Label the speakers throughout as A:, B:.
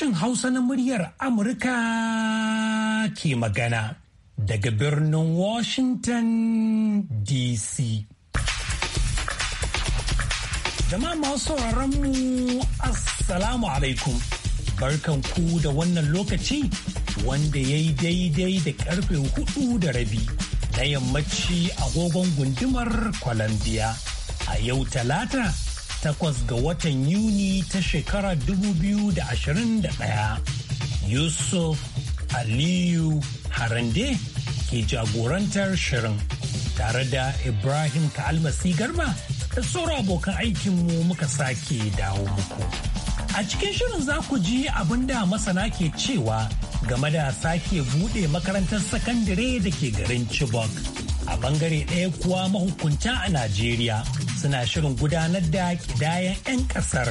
A: Sashen Hausa na muryar Amurka ke magana daga birnin Washington DC. Jama'a masu mu Assalamu alaikum. Barkan ku da wannan lokaci wanda ya yi daidai da karfe hudu da rabi na yammaci agogon gundumar Colombia a yau talata takwas ga watan Yuni ta shekara 2021. Yusuf Aliyu Harande ke jagorantar shirin tare da Ibrahim Almasi Garba da sauran abokan aikinmu muka sake dawo muku. A cikin shirin za ku ji abin da masana ke cewa game da sake buɗe makarantar sakandare da ke garin Chibok. A bangare ɗaya kuwa mahukunta a Najeriya. suna shirin gudanar da kidayen 'yan kasar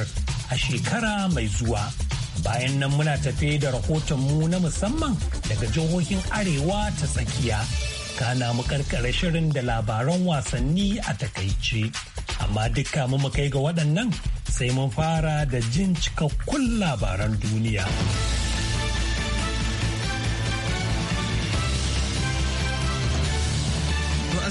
A: a shekara mai zuwa. Bayan nan muna tafe da rahotonmu na musamman daga jihohin Arewa ta tsakiya. Kana mu karkare shirin da labaran wasanni a takaice. Amma duka mu kai ga waɗannan sai mun fara da jin cikakkun labaran duniya.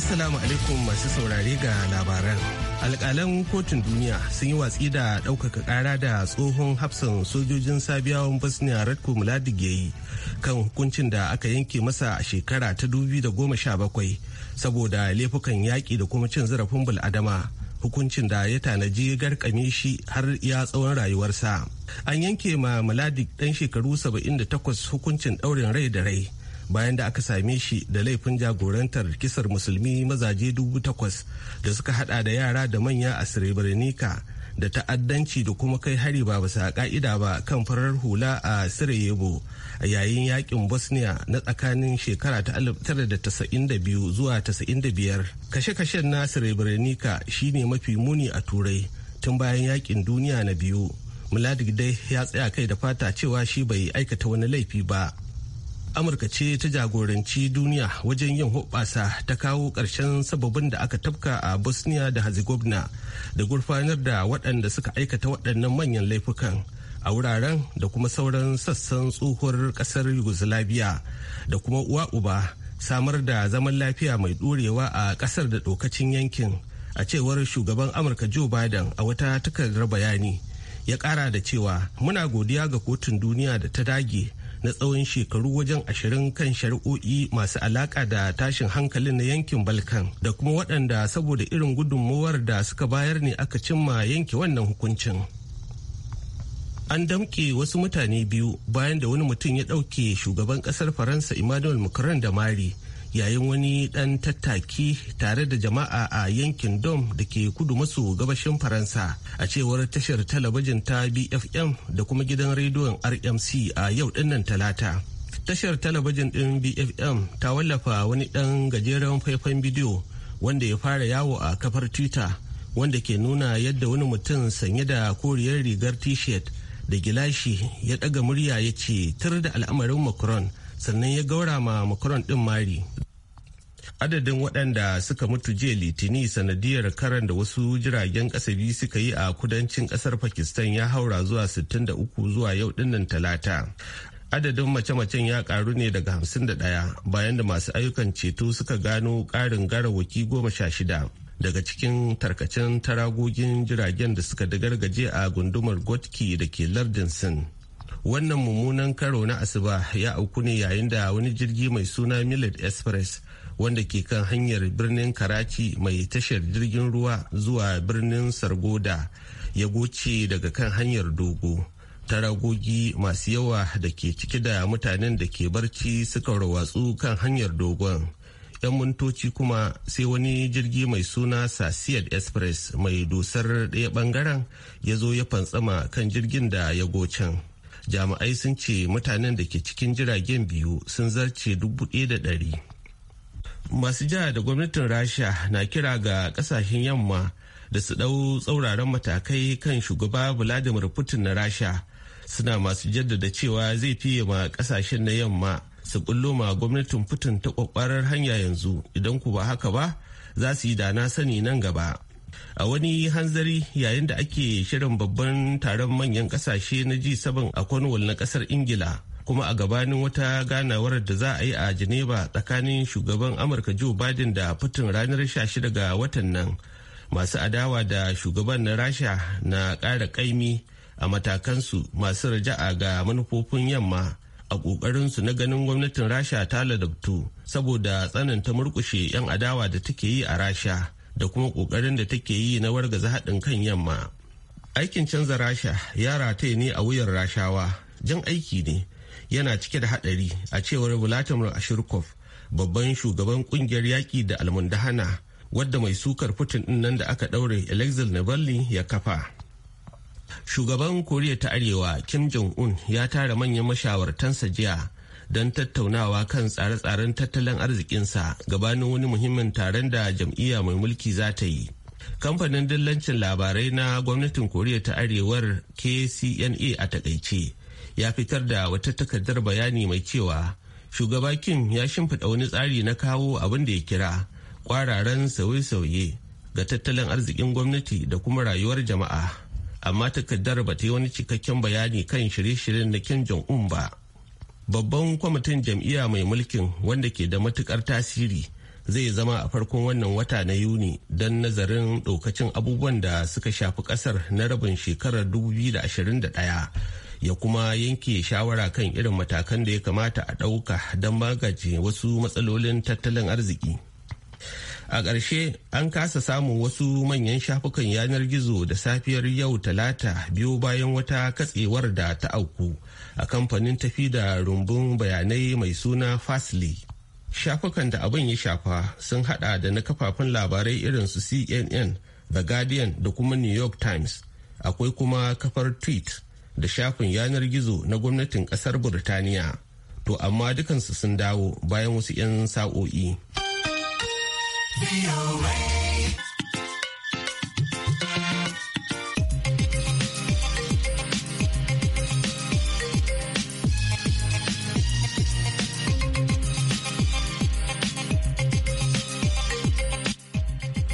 B: Assalamu alaikum masu saurare ga labaran. Alƙalan kotun duniya sun yi watsi da ɗaukaka ƙara da tsohon hafsan sojojin sabiyawan Bosnia Radko Mladic ya yi kan hukuncin da aka yanke masa a shekara ta 2017 saboda laifukan yaƙi da kuma cin zarafin bul'adama. hukuncin da ya tanaji garkame shi har ya tsawon rayuwarsa. An yanke ma Mladic ɗan shekaru 78 hukuncin ɗaurin rai da rai. bayan da aka same shi da laifin jagorantar kisar musulmi mazaje dubu takwas da suka hada da yara da manya a srebrenica da ta'addanci da kuma kai hari ba bisa ka'ida ba kan farar hula a sarajevo a yayin yakin bosnia na tsakanin shekara ta 1992 zuwa biyar. kashe-kashen na srebrenica shine mafi muni a turai tun bayan yakin duniya na biyu muladik dai ya tsaya kai da fata cewa shi bai aikata wani laifi ba amurka ce ta jagoranci duniya wajen yin huɓasa ta kawo ƙarshen sababin da aka tafka a bosnia da herzegovina da gurfanar da waɗanda suka aikata waɗannan manyan laifukan a wuraren da kuma sauran sassan tsohuwar ƙasar yugoslavia da kuma uwa uba samar da zaman lafiya mai ɗorewa a ƙasar da ɗokacin yankin a cewar shugaban amurka joe biden a wata takardar bayani ya ƙara da cewa muna godiya ga kotun duniya da ta dage na tsawon shekaru wajen ashirin kan shari'o'i masu alaƙa da tashin hankalin na yankin balkan da kuma waɗanda saboda irin gudunmowar da suka bayar ne aka cimma yanke wannan hukuncin an damƙe wasu mutane biyu bayan da wani mutum ya ɗauke shugaban ƙasar faransa emmanuel macron da mari yayin wani dan tattaki tare da jama'a a yankin dom da ke kudu maso gabashin faransa a cewar tashar talabijin ta bfm da kuma gidan rediyon rmc a yau dinnan talata tashar talabijin din bfm ta wallafa wani dan gajeren faifan bidiyo wanda ya fara yawo a kafar twitter wanda ke nuna yadda wani mutum sanye da koriyar rigar t-shirt da gilashi ya daga murya ya ce tur da al'amarin macron sannan ya gaura ma makaron ɗin mari adadin waɗanda suka mutu jiya litini sanadiyar karan da wasu jiragen ƙasa biyu suka yi a kudancin ƙasar pakistan ya haura zuwa 63 zuwa yau dinnan talata adadin mace-macen ya karu ne daga 51 bayan da masu ayyukan ceto suka gano ƙarin garawaki goma sha shida daga cikin tarkacen taragogin jiragen da suka dagargaje a gundumar gotki da ke lardin sin wannan mummunan karo na asuba ya auku ne yayin da wani jirgi mai suna millet express wanda ke kan hanyar birnin karachi mai tashar jirgin ruwa zuwa birnin sargoda ya goce daga kan hanyar dogo ta ragogi masu yawa da ke ciki da mutanen da ke barci suka rawatsu kan hanyar dogon 'yan mintoci kuma sai wani jirgi mai suna sasiyar express mai dusar ɗaya bangaren ya zo ya fantsama kan jirgin da ya gocen jami'ai sun ce mutanen da ke cikin jiragen biyu sun zarce dubu da ɗari masu jiha da gwamnatin rasha na kira ga ƙasashen yamma da su ɗau tsauraran matakai kan shugaba vladimir putin na rasha suna masu jaddada cewa zai fiye ma kasashen na yamma su kullo ma gwamnatin putin ta ƙwaƙwarar hanya yanzu idan ku ba haka ba za su yi da na sani nan gaba a wani hanzari yayin da ake shirin babban taron manyan kasashe na G7 a Cornwall na kasar Ingila kuma a gabanin wata ganawar da za a yi a Geneva tsakanin shugaban Amurka Joe Biden da Putin ranar 16 ga watan nan masu adawa da shugaban na Rasha na ƙara kaimi a matakansu masu raja'a ga manufofin yamma a ƙoƙarinsu na ganin gwamnatin Rasha ta ladabtu saboda tsananta murkushe 'yan adawa da take yi a Rasha. da kuma kokarin da take yi na wargaza haɗin kan yamma aikin canza rasha ya rataye ne a wuyan rashawa jan aiki ne yana cike da haɗari a cewar vladimir ashirkov babban shugaban kungiyar yaƙi da almundahana wadda mai sukar putin din nan da aka ɗaure alexei navalny ya kafa shugaban koriya ta arewa kim jong-un ya tara manyan mashawartansa jiya don tattaunawa kan tsare-tsaren tattalin arzikinsa gabanin wani muhimmin taron da jam'iyya mai mulki za ta yi kamfanin dillancin labarai na gwamnatin koriya ta arewar kcna a takaice ya fitar da wata takardar bayani mai cewa shugaba kim ya shimfiɗa wani tsari na kawo abin da ya kira kwararan sauye-sauye ga tattalin arzikin gwamnati da kuma rayuwar jama'a amma takardar ba ta yi wani cikakken bayani kan shirye-shiryen na kim jong-un ba babban kwamitin jam'iyya mai mulkin wanda ke da matukar tasiri zai zama a farkon wannan wata na yuni don nazarin ɗaukacin abubuwan da suka shafi ƙasar na rabin shekarar 2021 ya kuma yanke shawara kan irin matakan da ya kamata a ɗauka don magance wasu matsalolin tattalin arziki. a ƙarshe an kasa samun wasu manyan shafukan yanar gizo da safiyar yau talata biyu bayan wata katsewar da ta auku a kamfanin tafi da rumbun bayanai mai suna fasli shafukan da abin ya shafa sun hada da na kafafen labarai irin su cnn the guardian da kuma new york times akwai kuma kafar tweet da shafin yanar gizo na gwamnatin kasar burtaniya to amma dukansu sun dawo bayan wasu 'yan sa'o'i.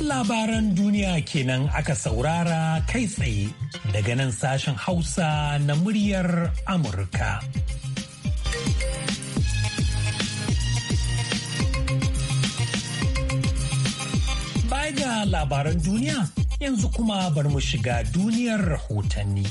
A: labaran duniya kenan aka saurara kai tsaye daga nan sashen Hausa na muryar Amurka labaran duniya yanzu kuma bar mu shiga duniyar rahotanni.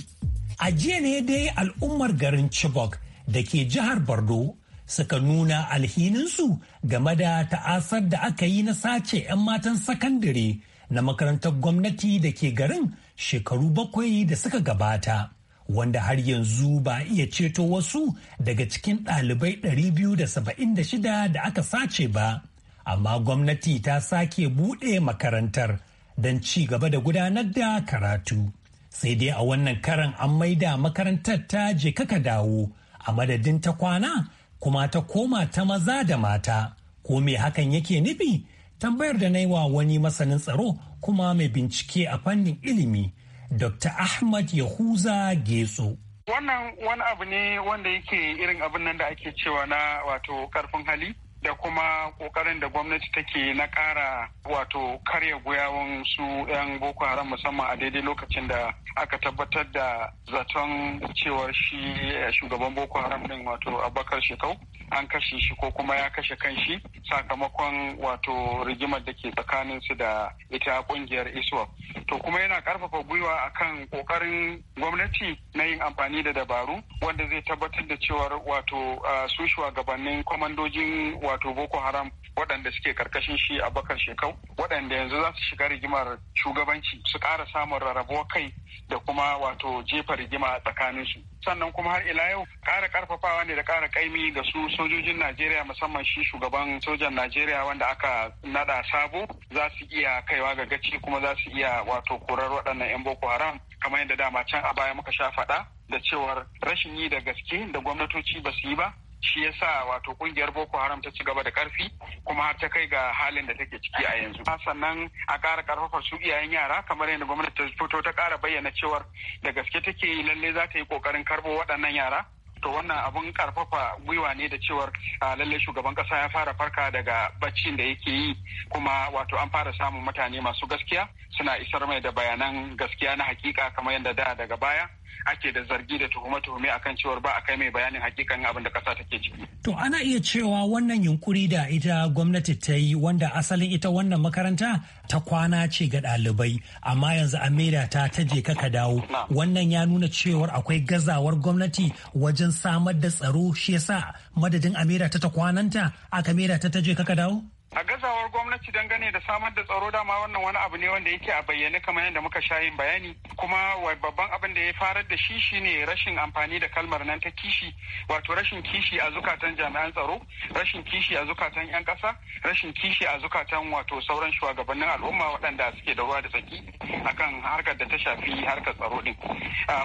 A: A jiya ne dai al'ummar garin Chibok da ke jihar Bardo suka nuna alhininsu game da ta'asar da aka yi na sace 'yan matan sakandare na makarantar gwamnati da ke garin shekaru bakwai da suka gabata. Wanda har yanzu ba iya ceto wasu daga cikin ɗalibai 276 da aka sace ba. amma gwamnati ta sake buɗe makarantar don ci gaba da gudanar da karatu. Sai dai a wannan karan an maida makarantar ta je kaka dawo a madadin ta kwana kuma ta koma ta maza da mata. Ko me hakan yake nufi? Tambayar da na wa wani masanin tsaro kuma mai bincike a fannin ilimi, Dr. Ahmad Yahuza Getso.
C: Wannan wani abu ne wanda yake irin abin nan da ake cewa na wato karfin hali. da kuma kokarin da gwamnati take na kara wato karya gwiwawun su 'yan boko haram musamman a daidai lokacin da aka tabbatar da zaton cewar shi eh, shugaban boko haram din wato abakar shekau an kashe shi ko kuma ya kashe kanshi sakamakon wato rigimar da ke tsakanin su da ita kungiyar iswa to kuma yana karfafa gwiwa akan kokarin gwamnati na yin amfani da dabaru wanda zai tabbatar da cewar wato ah, su shugabannin kwamandojin wato boko haram waɗanda suke karkashin shi a bakar shekau waɗanda yanzu za su shiga rigimar shugabanci su ƙara samun rarrabuwar kai da kuma wato jefa rigima a su sannan kuma har ila yau ƙara ƙarfafawa ne da ƙara ƙaimi ga su sojojin najeriya musamman shi shugaban sojan najeriya wanda aka naɗa sabo za su iya kaiwa ga gaci kuma za su iya wato korar waɗannan 'yan boko haram kamar yadda dama can a baya muka sha faɗa da cewar rashin yi da gaske da gwamnatoci ba su yi ba shi ya sa wato kungiyar boko haram ta ci gaba da karfi kuma har ta kai ga halin da take ciki a yanzu sannan a kara karfafa su iyayen yara kamar yadda gwamnati ta fito ta kara bayyana cewar da gaske take yi lalle za ta yi ƙoƙarin karbo waɗannan yara to wannan abun karfafa gwiwa ne da cewar lalle shugaban kasa ya fara farka daga baccin da yake yi kuma wato an fara samun mutane masu gaskiya suna isar mai da bayanan gaskiya na hakika kamar yadda da daga baya ake da zargi da tuhume-tuhume akan cewar ba a kai mai bayanin hakikan abin da kasa take ciki.
A: To ana iya cewa wannan yunkuri da ita gwamnati ta yi wanda asalin ita wannan makaranta ta kwana ce ga ɗalibai amma yanzu a ta ta je ka dawo wannan ya nuna cewar akwai gazawar gwamnati wajen samar da tsaro shi yasa madadin a ta ta kwananta aka maida ta ta je ka dawo?
C: a gazawar gwamnati dangane da samar da tsaro dama wannan wani abu ne wanda yake a bayyane kamar yadda muka sha yin bayani kuma babban abin da ya farar da shi shine rashin amfani da kalmar nan ta kishi wato rashin kishi a zukatan jami'an tsaro rashin kishi a zukatan yan kasa rashin kishi a zukatan wato sauran shugabannin al'umma waɗanda suke da ruwa da tsaki akan harkar da ta shafi harkar tsaro din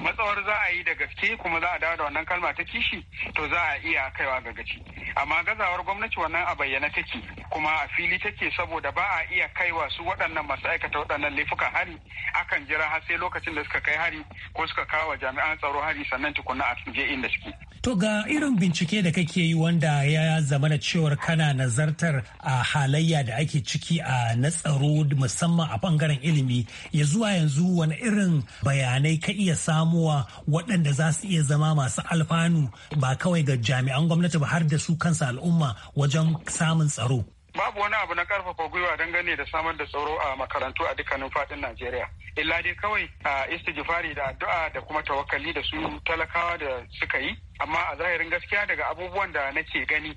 C: matsawar za a yi da gaske kuma za a dawo da wannan kalma ta kishi to za a iya kaiwa ga gaci amma gazawar gwamnati wannan a bayyane take kuma a fili take saboda ba a iya kaiwa su waɗannan masu aikata waɗannan laifuka hari akan jira har sai lokacin da suka kai hari ko suka kawo wa jami'an tsaro hari sannan tukuna a je inda suke.
A: To ga irin bincike da kake yi wanda ya zama da cewar kana nazartar a halayya da ake ciki a na tsaro musamman a bangaren ilimi ya zuwa yanzu wani irin bayanai ka iya samuwa waɗanda za su iya zama masu alfanu ba kawai ga jami'an gwamnati ba har da su kansa al'umma wajen samun tsaro.
C: babu wani abu na karfafa gwiwa dangane da samar da tsaro a makarantu a dukkanin fadin Najeriya. Illa dai kawai a istijifari da addu'a da kuma tawakali da su talakawa da suka yi. Amma a zahirin gaskiya daga abubuwan da nake gani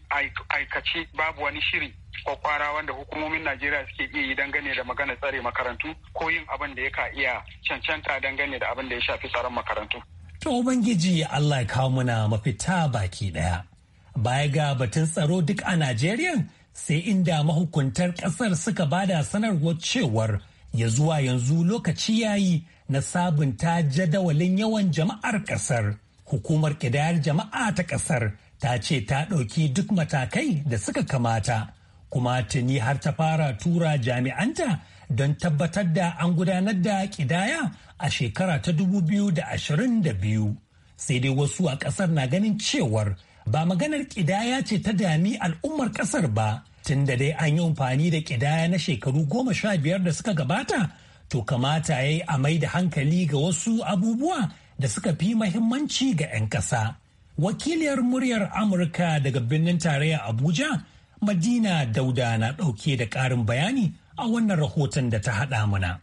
C: aikace babu wani shiri kwakwara wanda hukumomin Najeriya suke iya yi dangane da magana tsare makarantu ko yin abin da ya ka iya cancanta dangane da abin da ya shafi tsaron makarantu.
A: To Ubangiji Allah ya kawo muna mafita baki daya. Baya ga batun tsaro duk a Najeriya sai inda mahukuntar ƙasar suka bada sanarwar cewar ya zuwa yanzu lokaci yayi na sabunta jadawalin yawan jama'ar ƙasar. Hukumar ƙidayar jama'a ta ƙasar ta ce ta ɗauki duk matakai da suka kamata, kuma tuni har ta fara tura jami'anta don tabbatar da an gudanar da ƙidaya a shekara ta 2022. Sai dai wasu a ƙasar na ganin cewar ba maganar ƙidaya ce ta dami al'ummar ƙasar ba tun da dai an yi amfani da ƙidaya na shekaru goma sha biyar da suka gabata to kamata ya yi a mai da hankali ga wasu abubuwa da suka fi mahimmanci ga 'yan ƙasa. Wakiliyar muryar Amurka daga birnin tarayya Abuja, Madina Dauda na ɗauke da ƙarin bayani a wannan rahoton da ta haɗa mana.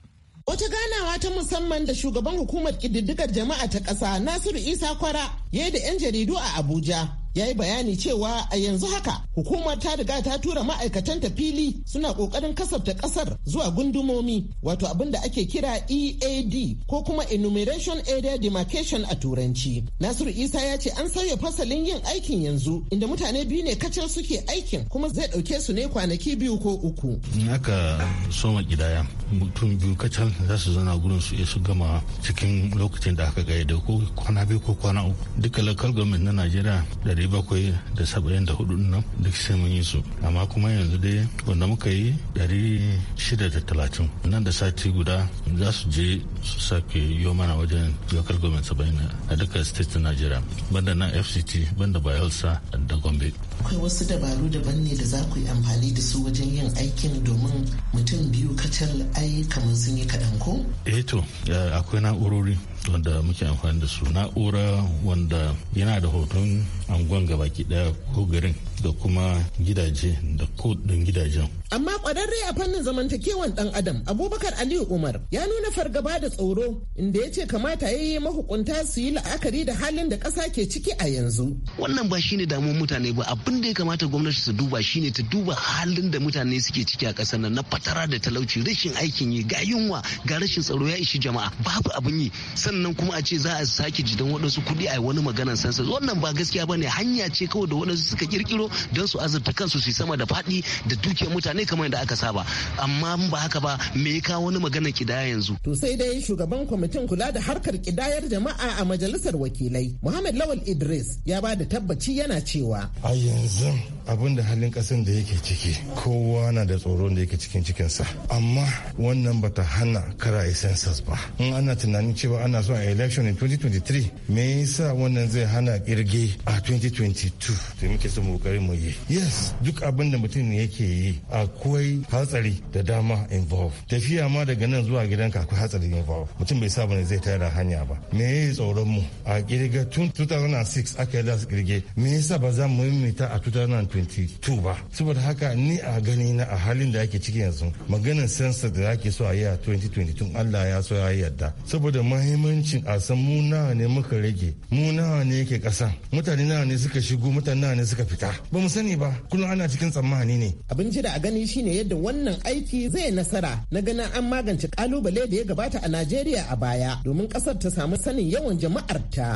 D: Wata ganawa ta musamman da shugaban hukumar ƙididdigar jama'a ta ƙasa Nasiru Isa Kwara ya da 'yan jaridu a Abuja. ya yi bayani cewa a yanzu haka hukumar ta riga ta tura ma'aikatanta fili suna ƙoƙarin kasafta ƙasar zuwa gundumomi wato abin da ake kira EAD ko kuma Enumeration Area Demarcation a Turanci. Nasiru Isa ya ce an sauya fasalin yin aikin yanzu inda mutane biyu ne kacal suke aikin kuma zai dauke su ne kwanaki biyu ko uku.
E: In aka soma gidaya mutum biyu kacal za su zana gurin su su gama cikin lokacin da aka gaida ko kwana biyu ko kwana uku. Duka local government na Najeriya 774 nan duk sai mun yi su amma kuma yanzu dai wanda muka yi 630 nan da sati guda za su je su sake yi mana wajen local government 70 a duka state najeriya banda na fct banda bayelsa da gombe
D: akwai wasu dabaru daban ne da za ku yi amfani da su wajen yin aikin domin mutum biyu kacal ai kamar sun yi kaɗan ko?
E: eh to eh, akwai na'urori wanda muke amfani da su na'ura wanda yana da hoton angon gabaki daya ko garin da kuma gidaje da kudin gidajen.
D: Amma kwararre a fannin zamantakewan ɗan Adam Abubakar Aliyu Umar ya nuna fargaba da tsoro inda ya ce kamata ya yi mahukunta su yi la'akari da halin da ƙasa ke ciki a yanzu.
F: Wannan ba shine damuwar mutane ba abin da ya kamata gwamnati su duba shine ta duba halin da mutane suke ciki a ƙasar nan na fatara da talauci rashin aikin yi ga yunwa ga rashin tsaro ya ishi jama'a babu abin yi sannan kuma a ce za a sake jidan waɗansu kuɗi a wani maganan sansa wannan ba gaskiya ba ne hanya ce kawai da waɗansu suka kirkiro don su azurta kansu su sama da faɗi da dukiyar mutane kamar yadda aka saba amma ba haka ba me ya kawo wani
D: maganar kidaya yanzu. to sai dai shugaban kwamitin kula da harkar kidayar jama'a a majalisar wakilai muhammad lawal idris ya ba da tabbaci yana cewa. a yanzu abin da halin
E: kasan da yake ciki kowa na da tsoron da yake cikin cikinsa amma wannan ba ta hana karaye census ba in ana tunanin cewa ana so a election in 2023 me yasa wannan zai hana kirge a 2022 to muke so mu kokari kawai mu yi yes duk abin da mutum yake yi akwai hatsari da dama involve tafiya ma daga nan zuwa gidan akwai hatsari involve mutum bai saba ne zai tayar da hanya ba me yi tsoron mu a kirga tun 2006 aka yi da su kirge me yasa ba za mu yi a 2022 ba saboda haka ni a gani na a halin da ake ciki yanzu maganin sensa da ake so a yi a 2022 Allah ya so ya yarda saboda mahimmancin a san mu nawa ne muka rage mu nawa ne yake kasa mutane nawa ne suka shigo mutane nawa ne suka fita ba mu sani ba kullum ana
D: cikin tsammani ne abin da a gani shine yadda wannan aiki zai nasara na ganin an magance kalubale da ya gabata a Najeriya a baya domin kasar ta samu sanin yawan jama'ar ta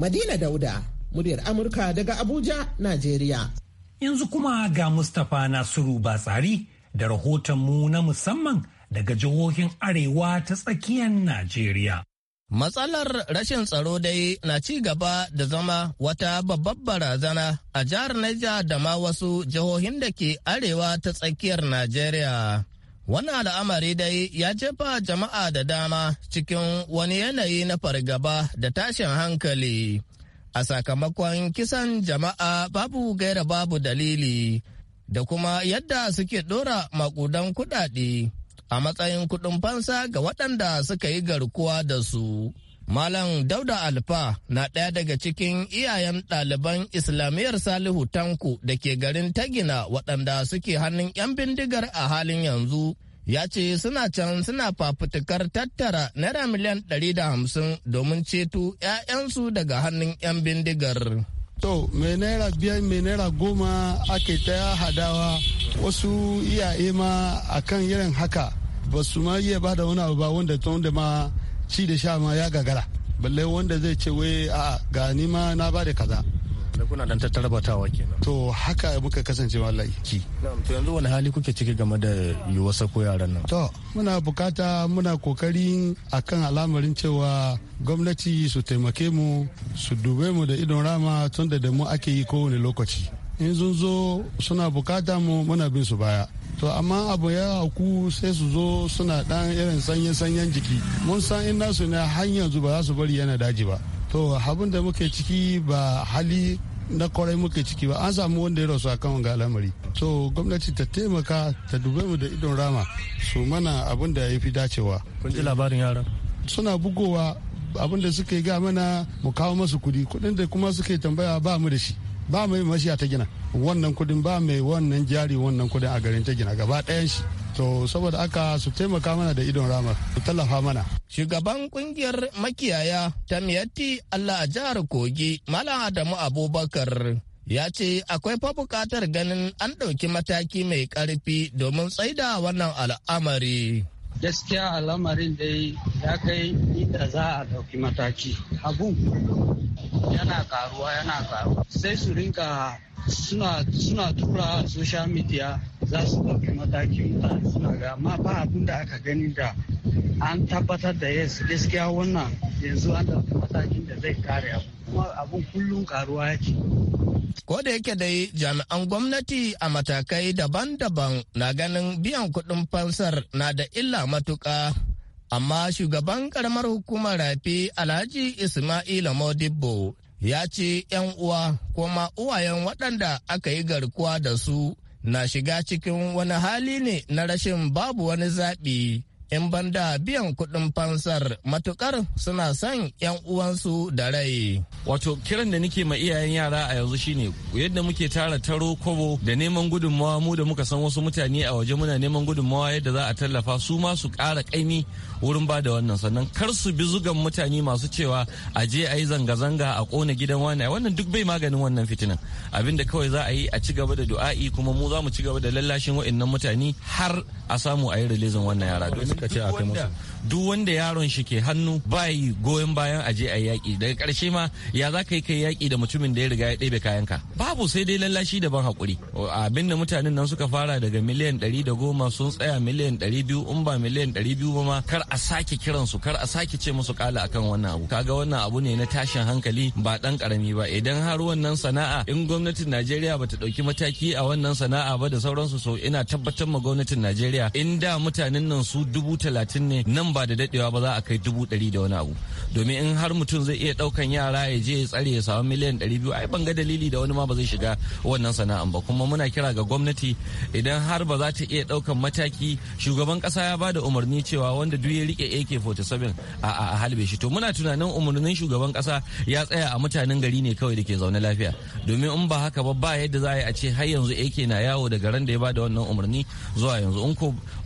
D: Madina Dauda muryar Amurka daga Abuja Najeriya
A: yanzu kuma ga Mustapha Nasiru Batsari da rahoton mu na musamman daga jihohin Arewa ta tsakiyar Najeriya Matsalar rashin tsaro dai na ci
G: gaba da zama wata babbar barazana a jihar Niger da ma wasu jihohin da ke arewa ta tsakiyar Najeriya. Wannan al'amari dai ya jefa jama'a da dama cikin wani yanayi na fargaba da tashin hankali. A sakamakon kisan jama'a babu gaira babu dalili da kuma yadda suke ɗora makudan kudade. a matsayin kuɗin fansa ga waɗanda suka yi garkuwa da su. Malam Dauda Alfa na ɗaya daga cikin iyayen ɗaliban Islamiyyar Salihu Tanku da ke garin Tagina waɗanda suke hannun 'yan bindigar a halin yanzu. Ya ce suna can suna fafutukar tattara naira miliyan 150 domin ceto 'ya'yansu daga hannun 'yan bindigar.
H: To, mai naira biyar mai naira goma ake ta hadawa wasu iyaye ma a kan irin haka ba su ma iya ba da wani abu ba wanda ta da ma ci da sha ma ya gagara. Balle wanda zai ce wai a ga ni ma na ba da kaza. kuna dan batawa kenan to haka muka kasance wallahi ki
G: to yanzu wani hali kuke ciki game da yiwuwar ko yaran nan
H: to muna bukata muna kokari akan al'amarin cewa gwamnati su taimake mu su dube mu da idon rama tunda da mu ake yi kowane lokaci in sun suna bukata mu muna bin su baya to amma abu ya hauku sai su zo suna dan irin sanyen sanyen jiki mun san in nasu na hanyar zuba za su bari yana daji ba to abin da muke ciki ba hali na kwarai muke ciki ba an samu wanda ya rasu akan wanga al'amari so gwamnati ta taimaka ta dube mu da idon rama su mana abin da ya fi dacewa kun ji labarin yaran suna bugowa abin da suka yi ga mana mu kawo masu kudi kudin da kuma suke tambaya ba mu da shi ba mai a ta gina wannan kudin ba mai wannan jari wannan kudin a garin ta gina gaba ɗayan shi to saboda aka su taimaka mana da idon rama su tallafa mana shugaban kungiyar makiyaya ta miyatti allah a jihar
G: kogi malam adamu abubakar ya ce akwai fa buƙatar ganin an ɗauki mataki mai ƙarfi domin tsaida wannan al'amari gaskiya
H: al'amarin da ya kai inda za a ɗauki mataki Abu yana karuwa yana karuwa sai su rinka suna tura social media za su dauki mataki mutane suna ga amma ba abin da aka gani da an tabbatar da yes gaskiya wannan yanzu an dauki matakin da zai kare abu
G: kuma abin kullum karuwa yake Ko da yake dai jami'an gwamnati a matakai daban-daban na ganin biyan kuɗin fansar na da illa matuƙa, amma shugaban karamar hukumar rafi Alhaji Ismaila Modibo ya ce 'yan uwa kuma uwayen waɗanda aka yi garkuwa da su na shiga cikin wani hali ne na rashin babu wani zaɓi in banda biyan kuɗin fansar matukar suna son 'yan uwansu da rai.
I: Wato kiran da nike ma iyayen yara a yanzu shine yadda muke tara taro kobo da neman gudunmawa mu da muka san wasu mutane a waje muna neman gudunmawa yadda za a tallafa su ma su kara kaimi wurin ba da wannan sannan kar su bi zugan mutane masu cewa a je a yi zanga-zanga a kona gidan wani wannan duk bai maganin wannan fitinan abinda kawai za a yi a ci gaba da du'a'i kuma mu za mu ci gaba da lallashin wa'annan mutane har a samu a yi rilizin wannan yara. suka ce a kai musu duk wanda yaron shi ke hannu ba bai goyon bayan aje a yaƙi daga ƙarshe ma ya za ka yi kai yaƙi da mutumin da ya riga ya ɗebe kayanka babu sai dai lallashi daban haƙuri abin da mutanen nan suka fara daga miliyan ɗari da goma sun tsaya miliyan ɗari biyu in ba miliyan ɗari biyu ba ma kar a sake kiransu kar a sake ce musu kala akan wannan abu kaga wannan abu ne na tashin hankali ba ɗan ƙarami ba idan har wannan sana'a in gwamnatin Najeriya ba ta ɗauki mataki a wannan sana'a ba da sauransu so ina tabbatar ma gwamnatin Najeriya in da mutanen nan su dubu talatin ne nan ba da dadewa ba za a kai dubu dari da wani abu domin in har mutum zai iya daukan yara ya je ya tsare ya samu miliyan dari biyu ai ban ga dalili da wani ma ba zai shiga wannan sana'an ba kuma muna kira ga gwamnati idan har ba za ta iya daukan mataki shugaban kasa ya ba da umarni cewa wanda duk ya rike AK47 a halbe shi to muna tunanin umarnin shugaban kasa ya tsaya a mutanen gari ne kawai da ke zaune lafiya domin in ba haka ba ba yadda za a yi a ce har yanzu AK na yawo daga ran da ya ba da wannan umarni zuwa yanzu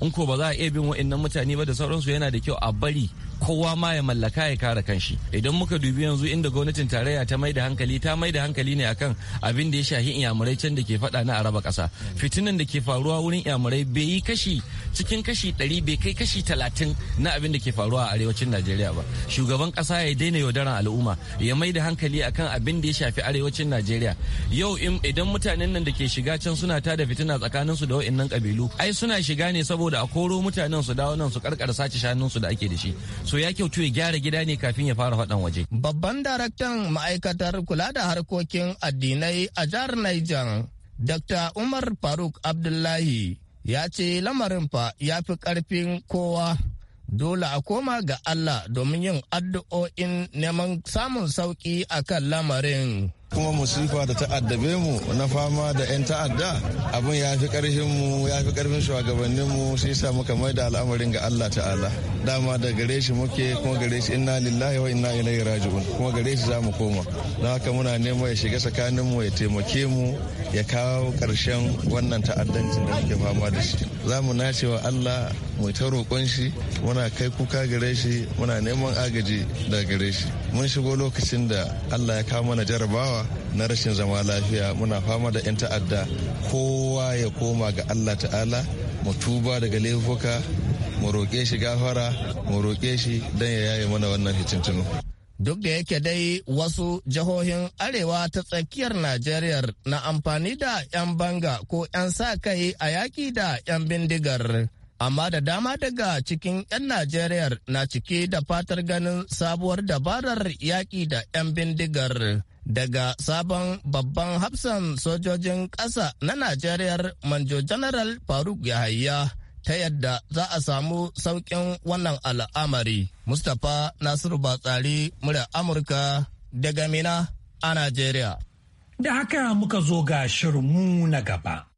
I: in ko ba za a iya bin wa'annan mutane ba da sauransu yana yana da kyau a bari kowa ma ya mallaka ya kare kanshi idan muka dubi yanzu inda gwamnatin tarayya ta mai da hankali ta mai da hankali ne akan abin da ya shahi iyamurai can da ke faɗa na araba kasa fitinan da ke faruwa wurin iyamurai bai yi kashi cikin kashi ɗari bai kai kashi talatin na abin da ke faruwa a arewacin najeriya ba shugaban kasa ya daina yaudaran al'umma ya mai da hankali akan abin da ya shafi arewacin najeriya yau idan mutanen nan da ke shiga can suna tada fitina tsakanin su da wa'annan kabilu ai suna shiga ne saboda a koro mutanen su dawo nan su karkar sace shanun su da ake da shi so ya kyautu ya gyara gida ne kafin ya fara faɗan waje.
G: Babban daraktan ma'aikatar kula da harkokin addinai a jihar Niger, Dr. Umar Faruk Abdullahi ya ce lamarin fa ya fi ƙarfin kowa. Dole a koma ga Allah domin yin addu'o'in neman samun sauƙi a kan
E: lamarin. kuma musifa da ta'addabe mu na fama da 'yan ta'adda abin ya fi karfin mu ya fi karfin shugabanninmu mu sai sa muka mai da al'amarin ga Allah ta'ala dama da gare shi muke kuma gare shi inna lillahi wa inna ilaihi raji'un kuma gare shi za mu koma don haka muna neman ya shiga tsakanin mu ya taimake mu ya kawo karshen wannan ta'addancin da muke fama da shi za mu nace wa Allah mu ta roƙon shi muna kai kuka gare shi muna neman agaji da gare shi mun shigo lokacin da Allah ya kawo mana jarabawa na rashin zama lafiya muna fama da 'yan ta'adda
A: kowa
E: ya koma ga allah ta'ala mu tuba daga laifuka mu roƙe shi gafara mu roƙe shi don ya yaye mana wannan hicintunu
G: duk da yake dai wasu jihohin arewa ta tsakiyar najeriya na amfani da 'yan banga ko 'yan sa kai a yaƙi da 'yan bindigar amma da dama daga cikin 'yan najeriya na cike da fatar ganin sabuwar dabarar yaƙi da 'yan bindigar daga sabon babban hafsan sojojin ƙasa na Najeriya Manjo General Faruk Yahaya ta yadda za a samu sauƙin wannan al'amari. Mustapha Nasiru Batsari murya Amurka daga Mina
A: a Najeriya. Da haka muka zo ga shirmu na gaba.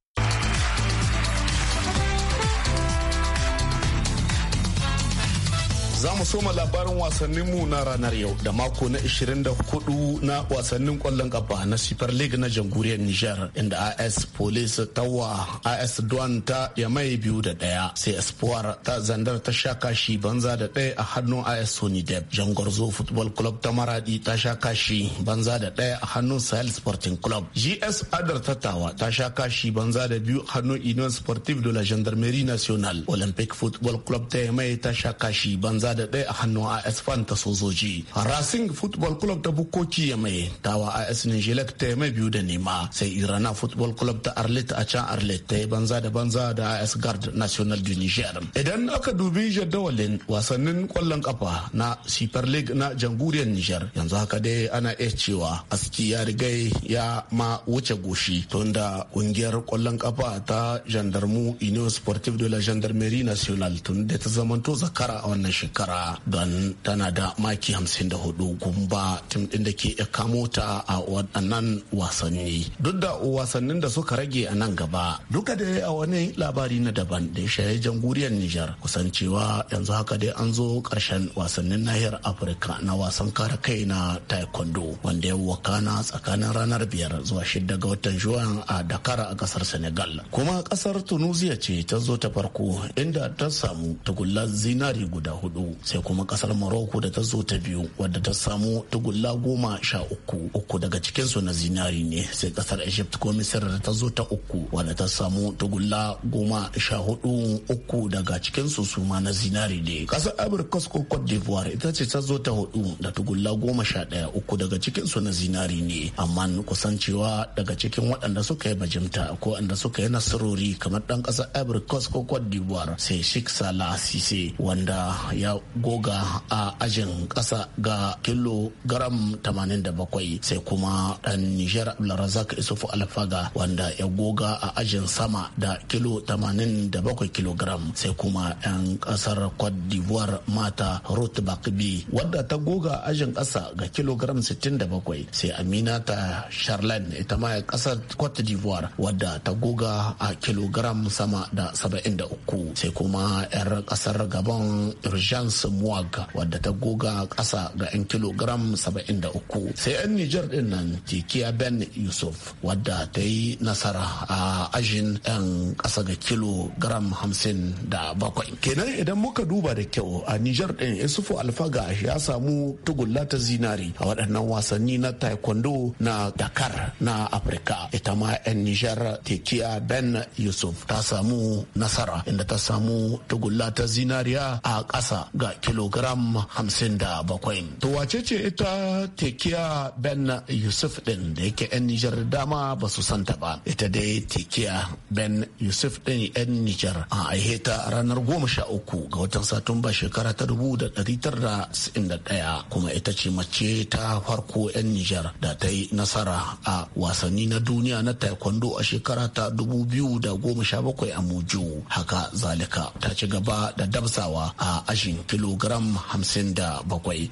F: Za mu soma labarin wasannin mu na ranar yau da mako na 24 na wasannin kwallon kafa na Super League na jamhuriyar niger. inda AS Police tawa AS Duan ta Yamai biyu da daya sai Espoir ta Zandar ta sha kashi banza da daya a hannun AS Sony Deb. Jangwarzo Football Club ta Maradi ta sha kashi banza da daya a hannun Sahel Sporting Club. GS Adar tawa ta sha kashi banza da biyu a hannun Union Sportive de la Gendarmerie Nationale. Olympic Football Club ta Yamai ta sha kashi banza da ɗaya a hannun AS Fan ta sojoji. Racing Football Club ta bukoki ya mai tawa AS Nijilek ta mai biyu da nema sai Irana Football Club ta arlet a can arlet ta yi banza da banza da AS Guard National du Niger. Idan aka dubi jadawalin wasannin kwallon kafa na Super League na jamhuriyar Niger yanzu haka dai ana iya cewa aski ya riga ya ma wuce goshi tunda kungiyar kwallon kafa ta gendarmu Union Sportive de la Gendarmerie Nationale tun da ta zamanto zakara a wannan shekara. takara don tana da maki 54 gumba tim din da ke kamota ta a waɗannan wasanni duk da wasannin da suka rage a nan gaba duka da a wani labari na daban da shaye janguriyar nijar kusancewa yanzu haka dai an zo karshen wasannin nahiyar afirka na wasan kare kai na taekwondo wanda ya wakana tsakanin ranar biyar zuwa shida ga watan juwan a dakar a kasar senegal kuma kasar tunisia ce ta zo ta farko inda ta samu tagullar zinari guda hudu sai kuma kasar Morocco da ta zo ta biyu wadda ta samu tugulla goma sha uku uku daga cikinsu na zinari ne sai kasar Egypt ko Misir da ta zo ta uku wadda ta samu tugulla goma sha hudu uku daga cikinsu su ma na zinari ne. Kasar Amurka ko Cote d'Ivoire ita ce ta zo ta hudu da tugulla goma sha daya uku daga cikinsu na zinari ne amma kusan cewa daga cikin waɗanda suka yi bajimta ko waɗanda suka yi nasarori kamar ɗan ƙasar Ivory Coast ko Cote d'Ivoire sai Sheikh Salah Sise wanda ya goga a ajin kasa ga kilo garam 87 sai kuma ɗan Nijar Abdulrazak Isufu Alfaga wanda ya goga a ajin sama da kilo 87 kilogram sai kuma 'yan ƙasar Cote d'Ivoire mata Ruth Bakbi wadda ta goga ajin kasa ga kilogram 67 sai Aminata Charlene ita ma ƙasar Cote d'Ivoire wadda ta goga a kilogram sama da 73 sai kuma 'yar ƙasar Gabon Irjan Lance Muwaga wadda ta goga ƙasa ga 'yan kilogram 73. Sai 'yan Nijar din nan Tekiya Ben Yusuf wadda ta yi nasara a ajin 'yan ƙasa ga kilogram 57. Kenan idan muka duba da kyau a Nijar din Isufu Alfaga ya samu tugulla ta zinari a waɗannan wasanni na taekwondo na Dakar na Afirka. Ita ma 'yan Nijar Tekiya Ben Yusuf ta samu nasara inda ta samu tugulla ta zinariya a ƙasa ga kilogram 57 to wace ce ita tekiya ben yusuf din da yake 'yan nijar dama ba su santa ba ita dai tekiya ben yusuf din 'yan nijar a aihe ta ranar 13 ga watan satumba shekara ta 1991 kuma ita ce mace ta farko 'yan nijar da ta yi nasara a wasanni na duniya na taekwondo a shekara ta bakwai a muju haka zalika ta ci gaba da dabsawa a ashin kilogram 57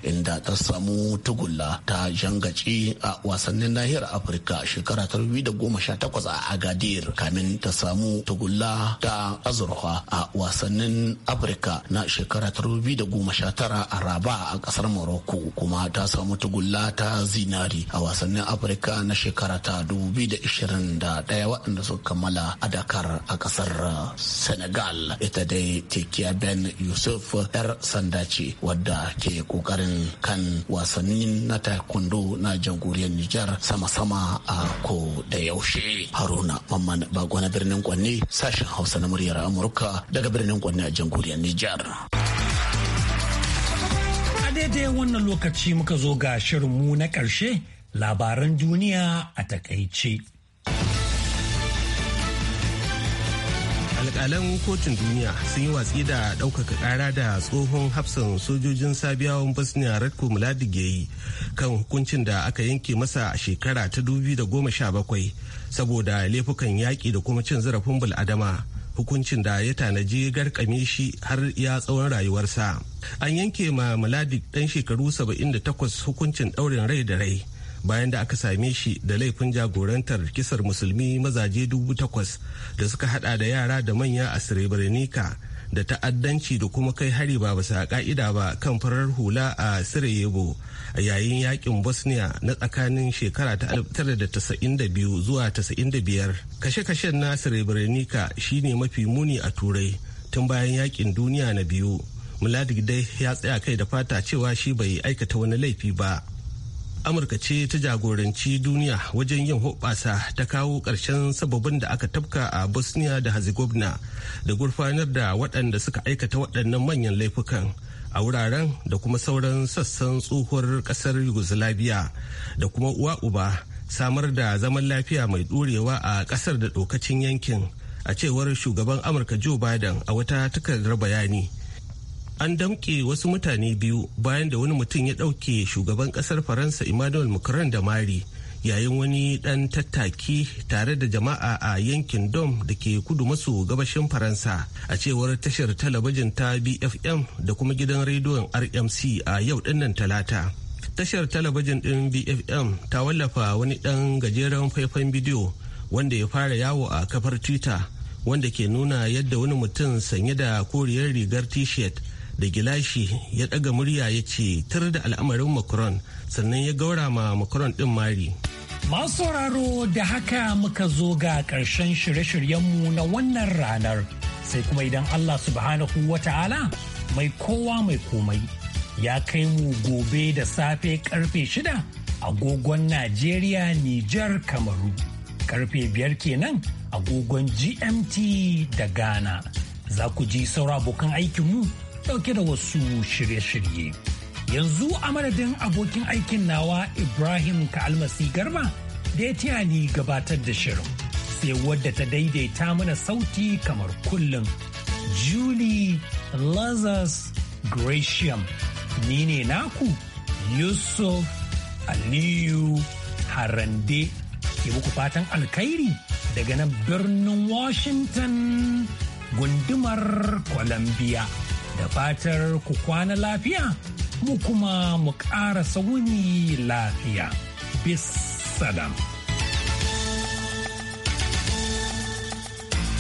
F: inda ta samu tugulla ta jangaci a wasannin nahiyar afirka shekara ta 2018 a agadir kamin ta samu tugulla ta azurfa a wasannin afirka na shekara ta 2019 a raba a kasar morocco kuma ta samu tugulla ta zinari a wasannin afirka na shekara ta 2021 waɗanda suka kammala a dakar a kasar senegal ita dai tekiya ben yusuf yar sanda ce wadda ke kokarin kan wasanni na taekwondo na jamhuriyar Nijar sama-sama a ko da yaushe. Haruna Mamman Bago na birnin Kwanne sashen Hausa na muryar Amurka daga birnin Kwanne a jamhuriyar Nijar.
A: A daidai wannan lokaci muka zo ga shirinmu na ƙarshe labaran duniya a takaice.
B: alkalan kotun duniya sun yi watsi da ɗaukaka ƙara da tsohon hafsan sojojin sabiyawan bosnia radko mladic ya yi kan hukuncin da aka yanke masa a shekara ta bakwai saboda laifukan yaƙi da kuma cin zarafin bil'adama hukuncin da ya tanaji garkame shi har ya tsawon rayuwarsa an yanke ma mladic ɗan shekaru 78 hukuncin ɗaurin rai da rai bayan da aka same shi da laifin jagorantar kisar musulmi mazaje dubu takwas da suka hada da yara da manya a srebrenica da ta'addanci da kuma kai hari ba bisa ka'ida ba kan farar hula a sarajevo a yayin yakin bosnia na tsakanin shekara ta 1992 zuwa 95 kashe-kashen na srebrenica shine mafi muni a turai tun bayan yakin duniya na biyu muladik dai ya tsaya kai da fata cewa shi bai aikata wani laifi ba amurka ce ta jagoranci duniya wajen yin hoɓasa ta kawo ƙarshen sababin da aka tafka a bosnia da herzegovina da gurfanar da waɗanda suka aikata waɗannan manyan laifukan a wuraren da kuma sauran sassan tsohuwar ƙasar yugoslavia da kuma uwa uba samar da zaman lafiya mai ɗorewa a ƙasar da ɗokacin yankin a cewar shugaban amurka joe biden a wata takardar bayani an damƙe wasu mutane biyu bayan da wani mutum ya ɗauke shugaban ƙasar faransa emmanuel macron da mari yayin wani ɗan tattaki tare da jama'a a yankin dom da ke kudu maso gabashin faransa a cewar tashar talabijin ta bfm da kuma gidan rediyon rmc a yau dinnan talata tashar talabijin ɗin bfm ta wallafa wani ɗan gajeren faifan bidiyo wanda ya fara yawo a kafar twitter wanda ke nuna yadda wani mutum sanye da koriyar rigar t-shirt da gilashi ya ɗaga murya ya ce tar da al'amarin macron sannan ya gaura ma macron ɗin mari
A: masu sauraro da haka muka zo ga ƙarshen shirye-shiryenmu na wannan ranar sai kuma idan allah subhanahu wata'ala mai kowa mai komai ya kai mu gobe da safe karfe shida agogon najeriya nijar kamaru karfe biyar kenan agogon gmt da ghana za ku ji saura abokan aikinmu ɗauke da wasu shirye-shirye. Yanzu a madadin abokin aikin nawa Ibrahim Ka'almasi Garba da ya taya ni gabatar da shirin. Sai wadda ta daidaita mana sauti kamar kullum. Julie Lazarus Gratiam. Ni ne naku Yusuf Aliyu Harande. Ke muku fatan alkhairi daga nan birnin Washington gundumar Columbia. da fatar ku kwana lafiya mu kuma mu ƙara sauni lafiya bis salam.